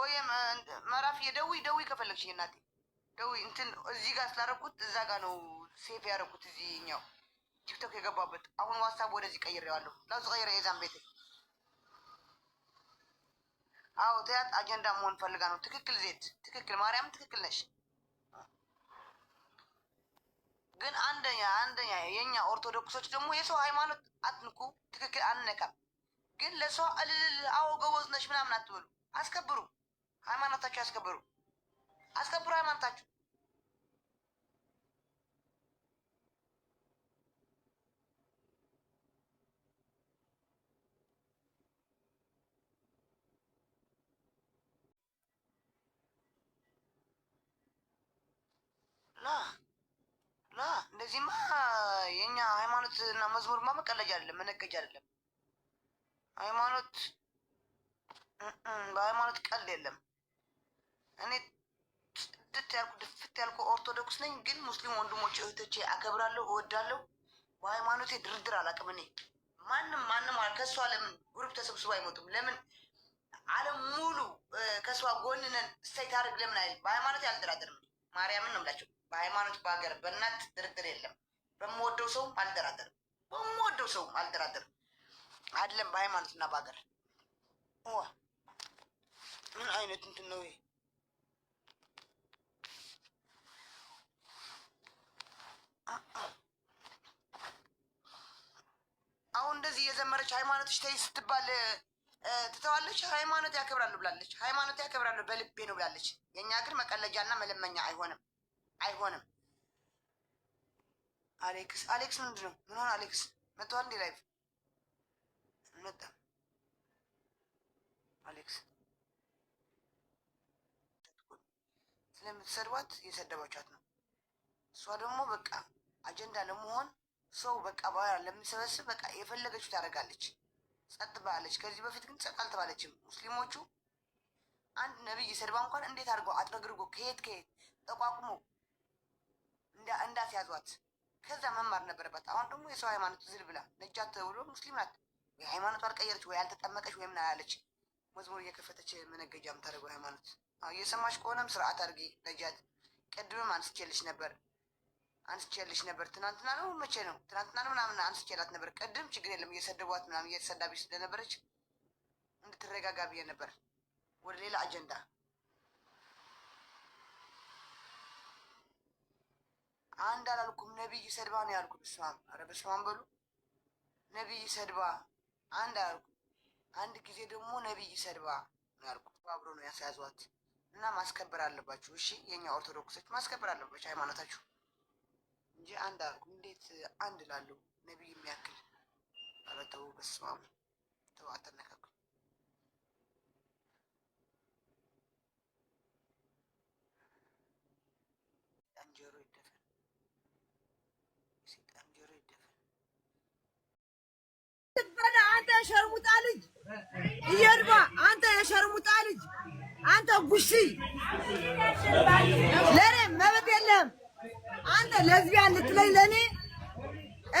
ወይም መራፍ የደዊ ደዊ ከፈለግሽ እናቴ ደዊ እንትን እዚህ ጋር ስላደረኩት እዛ ጋር ነው ሴፍ ያደረኩት። እዚህኛው ቲክቶክ የገባበት አሁን ዋትሳፕ ወደዚህ ቀይሬዋለሁ። ላዙ ቀይሬ የዛን ቤት አዎ ተያት አጀንዳ መሆን ፈልጋ ነው። ትክክል ዜት ትክክል ማርያም ትክክል ነሽ። ግን አንደኛ አንደኛ የኛ ኦርቶዶክሶች ደግሞ የሰው ሃይማኖት አትንኩ። ትክክል አንነካም። ግን ለሰው እልል አዎ ጎበዝ ነሽ ምናምን አትበሉ። አስከብሩ፣ ሃይማኖታችሁ አስከብሩ፣ አስከብሩ ሃይማኖታችሁ። ላ ላ እንደዚህማ የእኛ ሃይማኖት መዝሙርማ መቀለጃ አይደለም፣ መነገጃ አይደለም ሃይማኖት በሃይማኖት ቀልድ የለም። እኔ ድፍት ያልኩ ድፍት ያልኩ ኦርቶዶክስ ነኝ፣ ግን ሙስሊም ወንድሞች እህቶቼ አከብራለሁ፣ እወዳለሁ። በሃይማኖቴ ድርድር አላውቅም። እኔ ማንም ማንም ከእሷ ለምን ግሩፕ ተሰብስቦ አይሞቱም? ለምን ዓለም ሙሉ ከእሷ ጎንነን እሰይ ታደርግ ለምን አይል? በሃይማኖት አልደራደርም። ማርያምን ነው የምላቸው። በሃይማኖት በሀገር በእናት ድርድር የለም። በምወደው ሰውም አልደራደርም። በምወደው ሰውም አልደራደርም። አይደለም በሃይማኖትና በሀገር ምን አይነት እንትን ነው ይሄ? አሁን እንደዚህ የዘመረች ሃይማኖትሽ ተይ ስትባል ትተዋለች። ሃይማኖት ያከብራሉ ብላለች። ሃይማኖት ያከብራሉ በልቤ ነው ብላለች። የእኛ ግን መቀለጃና መለመኛ አይሆንም፣ አይሆንም። አሌክስ አሌክስ ምንድን ነው? ምን ሆነ አሌክስ? መጥተዋል እንዴ ላይፍ? መጣ አሌክስ ስለምትሰድቧት እየሰደባችኋት ነው። እሷ ደግሞ በቃ አጀንዳ ለመሆን ሰው በቃ ለሚሰበስብ በቃ የፈለገችው ታደርጋለች። ጸጥ ባለች። ከዚህ በፊት ግን ጸጥ አልተባለችም። ሙስሊሞቹ አንድ ነቢይ ሰድባ እንኳን እንዴት አድርገው አጥረግርጎ ከየት ከየት ጠቋቁሞ እንዳትያዟት ከዛ መማር ነበረባት። አሁን ደግሞ የሰው ሃይማኖት ዝል ብላ ነጃት ተብሎ ሙስሊም ናት። የሃይማኖቷ አልቀየረች ወይ አልተጠመቀች ወይም ምን አላለች መዝሙር እየከፈተች መነገጃ የምታደርገው ሃይማኖት እየሰማች ከሆነም ስርዓት አድርጊ። ነጃት ቅድምም አንስቼልሽ ነበር አንስቼልሽ ነበር። ትናንትና ነው መቼ ነው? ትናንትና ነው ምናምን አንስቼላት ነበር። ቅድም ችግር የለም እየሰደቧት ምናምን እየተሰዳቢ ስለነበረች እንድትረጋጋ ብዬ ነበር። ወደ ሌላ አጀንዳ አንድ አላልኩም። ነቢይ ሰድባ ነው ያልኩት። እሷም ኧረ በስመ አብ በሉ። ነቢይ ሰድባ አንድ አላልኩም። አንድ ጊዜ ደግሞ ነቢይ ሰድባ ያልኩ አብሮ ነው ያስያዟት እና ማስከበር አለባችሁ። እሺ የኛ ኦርቶዶክሶች ማስከበር አለባችሁ ሃይማኖታችሁ እንጂ አንድ አልኩ። እንዴት አንድ ላለው ነቢይ የሚያክል አረ ተው፣ በስመ አብ ተው፣ አትነካኩ። ጉሺ ለእኔ መብት የለም። አንተ ለዝቢያን ልትለኝ ለእኔ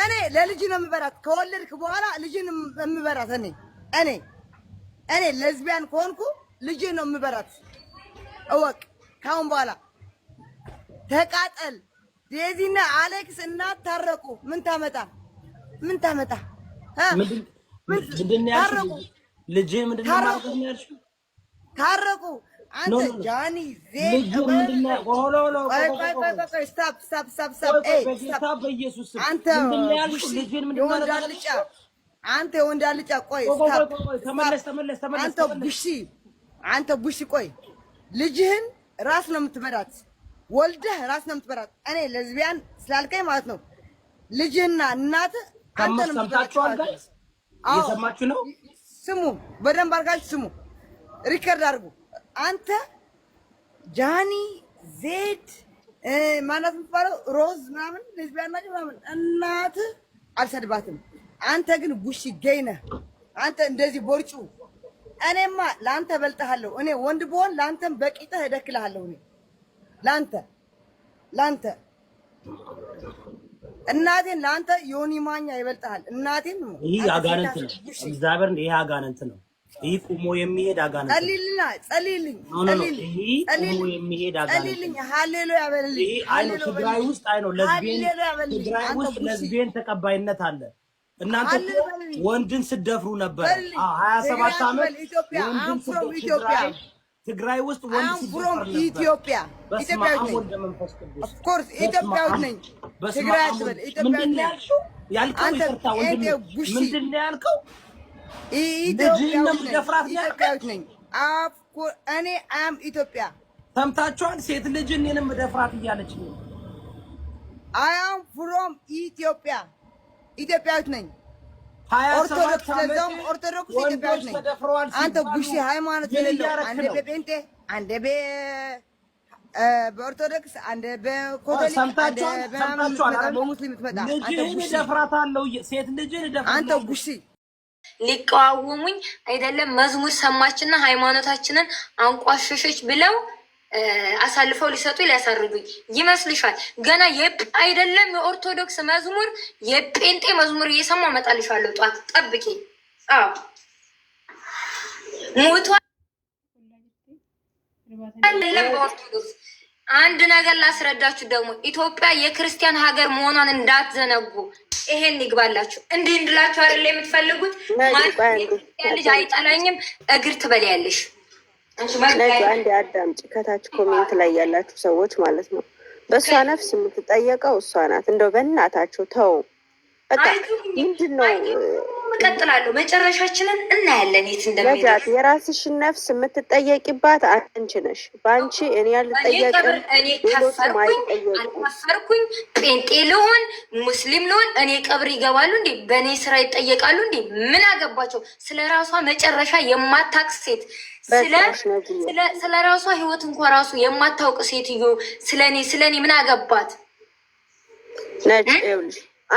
እኔ ለልጅ ነው የምበላት። ከወለድክ በኋላ ልጅን የምበላት እኔ እኔ እኔ ለዝቢያን ከሆንኩ ልጅ ነው የምበላት። እወቅ። ካሁን በኋላ ተቃጠል። ዴዚና አሌክስ እናት ምን ታመጣ ምን ታመጣ? ምንድን ነው ያልሽው? ልጅ ምንድን ነው ያልሽው? ታረቁ አንተ ጃኒ አንተ የወንድ አልጫ ቆይ፣ አንተ ቡሺ አንተ ቡሺ ቆይ፣ ልጅህን ራስ ነው የምትበዳት፣ ወልደህ ራስ ነው የምትበዳት። እኔ ለዝቢያን ስላልከኝ ማለት ነው ልጅህና አንተ ነው ስሙ፣ በደንብ አድርጋችሁ ስሙ፣ ሪከርድ አድርጉ። አንተ ጃኒ ዜድ ማናት የምትባለው ሮዝ ምናምን ለዝቢያን ናቸው ምናምን እናት አልሰድባትም። አንተ ግን ጉሽ ገይ ነህ። አንተ እንደዚህ ቦርጩ እኔማ ለአንተ በልጠሃለሁ። እኔ ወንድ ብሆን ለአንተም በቂጠህ እደክልሃለሁ። እኔ ለአንተ ለአንተ እናቴን ለአንተ ዮኒ ማኛ ይበልጠሃል። እናቴን ይህ አጋንንት ነው። እግዚአብሔር ይህ አጋንንት ነው። ይህ ቁሞ የሚሄድ አጋንንት ጸልይልና ጸልይልኝ ጸልይልኝ የሚሄድ አጋንንት ሃሌሉያ በልልኝ። ትግራይ ውስጥ አይ ነው ትግራይ ውስጥ ለዝቤን ተቀባይነት አለ። እናንተ ወንድን ስደፍሩ ነበር። ሀያ ሰባት ዓመት ትግራይ ውስጥ ወንድ ስደፍር ነበር። ኢትዮጵያ በስመ አብ መንፈስ ቅዱስ ኦፍኮርስ ኢትዮጵያዊት ነኝ። ምንድን ነው ያልከው? ያልከው ይቅርታ ወንድም ምንድን ነው ያልከው? ኢትዮጵያዊት ነኝ። እኔ አም ኢትዮጵያ ሰምታችኋል። ሴት ልጅ እኔንም ደፍራት እያለች አይ አም ፍሮም ኢትዮጵያ ኢትዮጵያዊት ነኝ። ኦርቶዶክስ ለዛውም ኦርቶዶክስ ኢትዮጵያዊት ነኝ። አንተ ጉሽ ሃይማኖት የሌለው አንዴ በጴንጤ አንዴ በኦርቶዶክስ አንዴ በኮቶሊክ አንዴ በሙስሊም ትመጣ አንተ ጉሽ ሊቃወሙኝ አይደለም መዝሙር ሰማችና ሃይማኖታችንን አንቋሸሸች ብለው አሳልፈው ሊሰጡ ሊያሳርዱኝ ይመስልሻል? ገና አይደለም የኦርቶዶክስ መዝሙር የጴንጤ መዝሙር እየሰማ እመጣልሻለሁ። ጠዋት ጠብቂ። ሙቷለም በኦርቶዶክስ አንድ ነገር ላስረዳችሁ ደግሞ ኢትዮጵያ የክርስቲያን ሀገር መሆኗን እንዳትዘነጉ። ይሄን ይግባላችሁ። እንዲህ እንድላችሁ አይደለ የምትፈልጉት? ልጅ አይጠላኝም እግር ትበላለሽ። አንድ አዳምጪ። ከታች ኮሜንት ላይ ያላችሁ ሰዎች ማለት ነው። በእሷ ነፍስ የምትጠየቀው እሷ ናት። እንደው በእናታቸው ተው ምንድን ነው እቀጥላለሁ። መጨረሻችንን እናያለን የት እንደሚደርስ። የራስሽን ነፍስ የምትጠየቅባት አንቺ ነሽ። በአንቺ እኔ አልጠየቅም። እኔ ከፈርኩኝ አልከፈርኩኝ፣ ጴንጤ ልሆን ሙስሊም ልሆን እኔ ቀብር ይገባሉ እንዴ? በእኔ ስራ ይጠየቃሉ እንዴ? ምን አገባቸው? ስለ ራሷ መጨረሻ የማታውቅ ሴት ስለ ራሷ ህይወት እንኳ ራሱ የማታውቅ ሴትዮ ስለ እኔ ስለ እኔ ምን አገባት ነጭ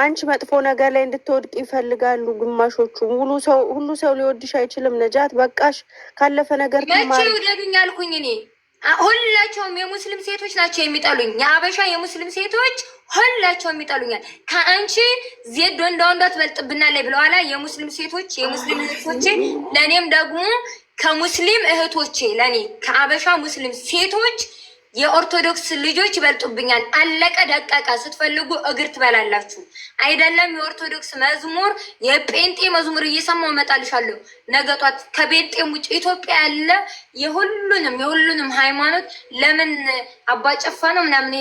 አንቺ መጥፎ ነገር ላይ እንድትወድቅ ይፈልጋሉ ግማሾቹ። ሙሉ ሰው ሁሉ ሰው ሊወድሽ አይችልም። ነጃት በቃሽ፣ ካለፈ ነገር መቼ ይውደዱኝ አልኩኝ እኔ። ሁላቸውም የሙስሊም ሴቶች ናቸው የሚጠሉኝ። የአበሻ የሙስሊም ሴቶች ሁላቸውም ይጠሉኛል። ከአንቺ ዜድ ወንዳ ወንዳ ትበልጥብናለች ብለኋላ የሙስሊም ሴቶች የሙስሊም እህቶቼ፣ ለእኔም ደግሞ ከሙስሊም እህቶቼ ለእኔ ከአበሻ ሙስሊም ሴቶች የኦርቶዶክስ ልጆች ይበልጡብኛል። አለቀ ደቀቀ። ስትፈልጉ እግር ትበላላችሁ። አይደለም የኦርቶዶክስ መዝሙር የጴንጤ መዝሙር እየሰማው እመጣልሻለሁ። ነገ ጧት ከጴንጤም ውጭ ኢትዮጵያ ያለ የሁሉንም የሁሉንም ሃይማኖት ለምን አባጨፋ ነው ምናምን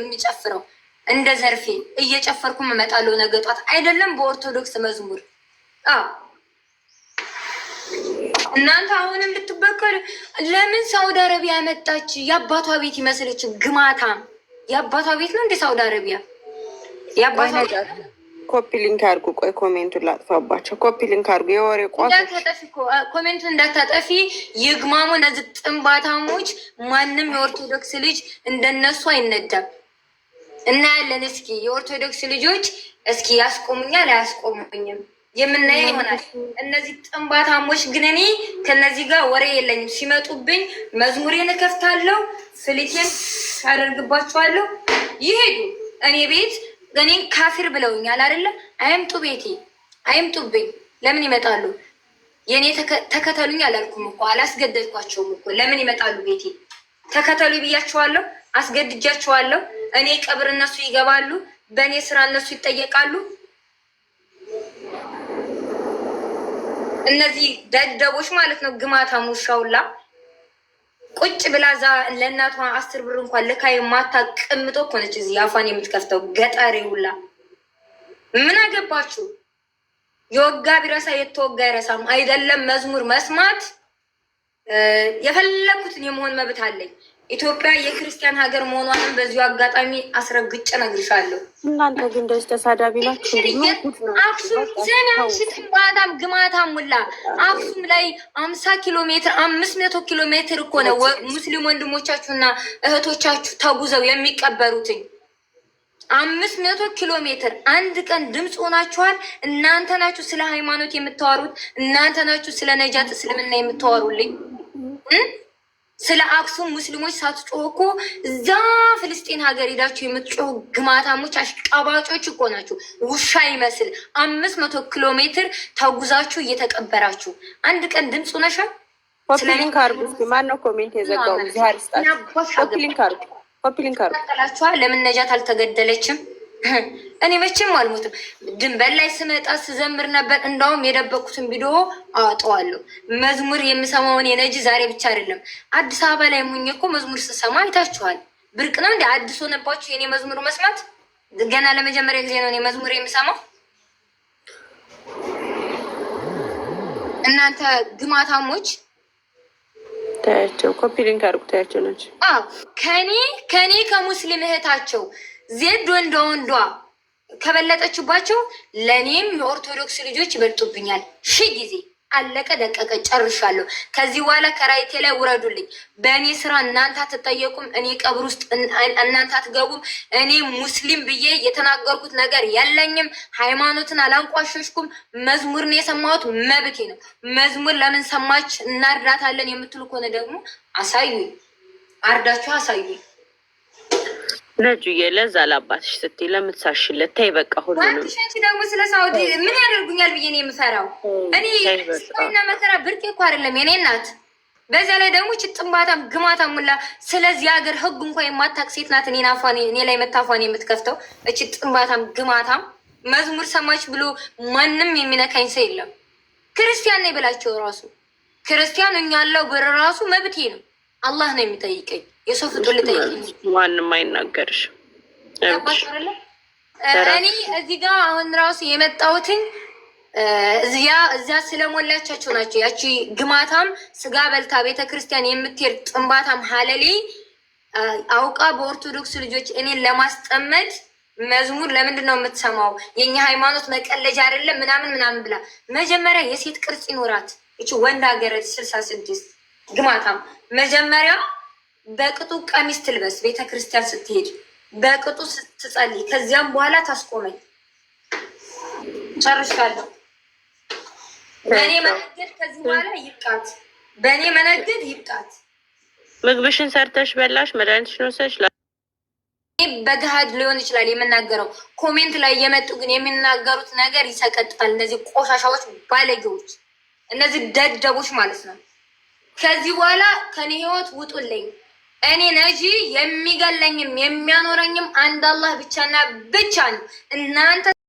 የሚጨፍረው እንደ ዘርፌ እየጨፈርኩም እመጣለሁ ነገ ጧት። አይደለም በኦርቶዶክስ መዝሙር እናንተ አሁንም ብትበከሉ ለምን ሳውዲ አረቢያ መጣች? የአባቷ ቤት ይመስለችን ግማታ። የአባቷ ቤት ነው እንደ ሳውዲ አረቢያ የአባቷ ኮፒ ሊንክ አድርጉ። ቆይ ኮሜንቱን ላጥፋባቸው። ኮፒ ሊንክ አድርጉ። የወሬ ቋጠፊ ኮሜንቱን እንዳታጠፊ። ይግማሙ እነዚህ ጥንባታሞች፣ ማንም የኦርቶዶክስ ልጅ እንደነሱ አይነዳም። እናያለን። እስኪ የኦርቶዶክስ ልጆች እስኪ ያስቆሙኛል አያስቆሙኝም? የምናየው ይሆናል። እነዚህ ጥንባታሞች ግን እኔ ከነዚህ ጋር ወሬ የለኝም። ሲመጡብኝ መዝሙሬን እከፍታለሁ፣ ስሊቴን አደርግባቸዋለሁ። ይሄዱ እኔ ቤት እኔን ካፊር ብለውኛል አይደለ? አይምጡ ቤቴ አይምጡብኝ። ለምን ይመጣሉ? የእኔ ተከተሉኝ አላልኩም እኮ አላስገደድኳቸውም እኮ። ለምን ይመጣሉ ቤቴ? ተከተሉ ብያቸዋለሁ፣ አስገድጃቸዋለሁ። እኔ ቀብር እነሱ ይገባሉ፣ በእኔ ስራ እነሱ ይጠየቃሉ። እነዚህ ደደቦች ማለት ነው። ግማታ ሙሻውላ ቁጭ ብላ ለእናቷ አስር ብር እንኳን ልካ የማታ ቅምጦ እኮ ነች። እዚህ አፏን የምትከፍተው ገጠሬ ሁላ ምን አገባችሁ? የወጋ ቢረሳ የተወጋ አይረሳም አይደለም። መዝሙር መስማት የፈለኩትን የመሆን መብት አለኝ። ኢትዮጵያ የክርስቲያን ሀገር መሆኗንም በዚሁ አጋጣሚ አስረግጬ እነግርሻለሁ። እናንተ ግን ደስ ተሳዳቢ ናችሁ። አክሱም ሙላ አክሱም ላይ አምሳ ኪሎ ሜትር አምስት መቶ ኪሎ ሜትር እኮ ነው ሙስሊም ወንድሞቻችሁና እህቶቻችሁ ተጉዘው የሚቀበሩትኝ አምስት መቶ ኪሎ ሜትር አንድ ቀን ድምፅ ሆናችኋል። እናንተ ናችሁ ስለ ሃይማኖት የምታወሩት፣ እናንተ ናችሁ ስለ ነጃት እስልምና የምታወሩልኝ። ስለ አክሱም ሙስሊሞች ሳትጮህ እኮ እዛ ፍልስጤን ሀገር ሄዳችሁ የምትጮህ ግማታሞች አሽቃባጮች እኮ ናችሁ። ውሻ ይመስል አምስት መቶ ኪሎ ሜትር ተጉዛችሁ እየተቀበራችሁ አንድ ቀን ድምፁ ሆነሻል። ኮፒሊንክ አርጉ። ማነው ኮሜንት የዘጋው? ዚሃር ስጣ። ኮፒሊንክ አርጉ። ኮፒሊንክ አርጉ። ለምን ነጃት አልተገደለችም? እኔ መቼም አልሞትም። ድንበር ላይ ስመጣ ስዘምር ነበር። እንዳውም የደበቅኩትን ቪዲዮ አወጣዋለሁ። መዝሙር የምሰማውን የነጂ ዛሬ ብቻ አይደለም አዲስ አበባ ላይ ሙኝ እኮ መዝሙር ስሰማ አይታችኋል። ብርቅ ነው እንዲ አዲስ ሆነባችሁ የኔ መዝሙር መስማት። ገና ለመጀመሪያ ጊዜ ነው እኔ መዝሙር የምሰማው። እናንተ ግማታሞች ታያቸው፣ ኮፒ ሊንክ አድርጉ። ታያቸው ናቸው ከኔ ከኔ ከሙስሊም እህታቸው ዜድ ወንድ ወንዷ ከበለጠችባቸው ለእኔም የኦርቶዶክስ ልጆች ይበልጡብኛል። ሺህ ጊዜ አለቀ ደቀቀ፣ ጨርሻለሁ። ከዚህ በኋላ ከራይቴ ላይ ውረዱልኝ። በእኔ ስራ እናንተ አትጠየቁም። እኔ ቀብር ውስጥ እናንተ አትገቡም። እኔ ሙስሊም ብዬ የተናገርኩት ነገር የለኝም። ሃይማኖትን አላንቋሸሽኩም። መዝሙርን የሰማሁት መብቴ ነው። መዝሙር ለምን ሰማች እናርዳታለን የምትሉ ከሆነ ደግሞ አሳዩኝ፣ አርዳችሁ አሳዩኝ። ነጁዬ ለዛ ላባትሽ ስትይ ለምትሳሽለት ተይ በቃ። ሁሉንም ሽንቺ ደግሞ ስለ ሳውዲ ምን ያደርጉኛል ብዬ ነው የምፈራው። እኔ እና መከራ ብርቄ እኮ አይደለም የኔ ናት። በዛ ላይ ደግሞ ጭጥንባታም ግማታም ሙላ ስለዚህ ሀገር ህግ እንኳ የማታቅ ሴት ናት። እኔን አፏን እኔ ላይ መታፏን የምትከፍተው ጭጥንባታም ግማታም። መዝሙር ሰማች ብሎ ማንም የሚነካኝ ሰው የለም። ክርስቲያን ነው ብላቸው ራሱ ክርስቲያን እኛ ያለው ብር ራሱ መብቴ ነው አላህ ነው የሚጠይቀኝ። የሰው ፍጡር ሊጠይቀኝ ማንም አይናገርሽ። እኔ እዚህ ጋ አሁን ራሱ የመጣሁትኝ እዚያ እዚያ ስለሞላቻቸው ናቸው። ያቺ ግማታም ስጋ በልታ ቤተ ክርስቲያን የምትሄድ ጥንባታም ሀለሌ አውቃ በኦርቶዶክስ ልጆች እኔን ለማስጠመድ መዝሙር ለምንድን ነው የምትሰማው? የኛ ሃይማኖት መቀለጃ አይደለም ምናምን ምናምን ብላ መጀመሪያ የሴት ቅርጽ ይኖራት እቺ ወንድ ሀገረ ስልሳ ስድስት ግማታም መጀመሪያ በቅጡ ቀሚስ ትልበስ፣ ቤተክርስቲያን ስትሄድ በቅጡ ስትጸልይ፣ ከዚያም በኋላ ታስቆመኝ። ጨርሻለሁ። በእኔ መነገድ ከዚህ በኋላ ይብቃት። በእኔ መነገድ ይብቃት። ምግብሽን ሰርተሽ በላሽ፣ መድኃኒትሽን ወሰድሽ። በገሃድ ሊሆን ይችላል የምናገረው። ኮሜንት ላይ የመጡ ግን የሚናገሩት ነገር ይሰቀጥታል። እነዚህ ቆሻሻዎች፣ ባለጌዎች፣ እነዚህ ደደቦች ማለት ነው። ከዚህ በኋላ ከኔ ህይወት ውጡልኝ። እኔ ነጂ የሚገለኝም የሚያኖረኝም አንድ አላህ ብቻና ብቻ ነው እናንተ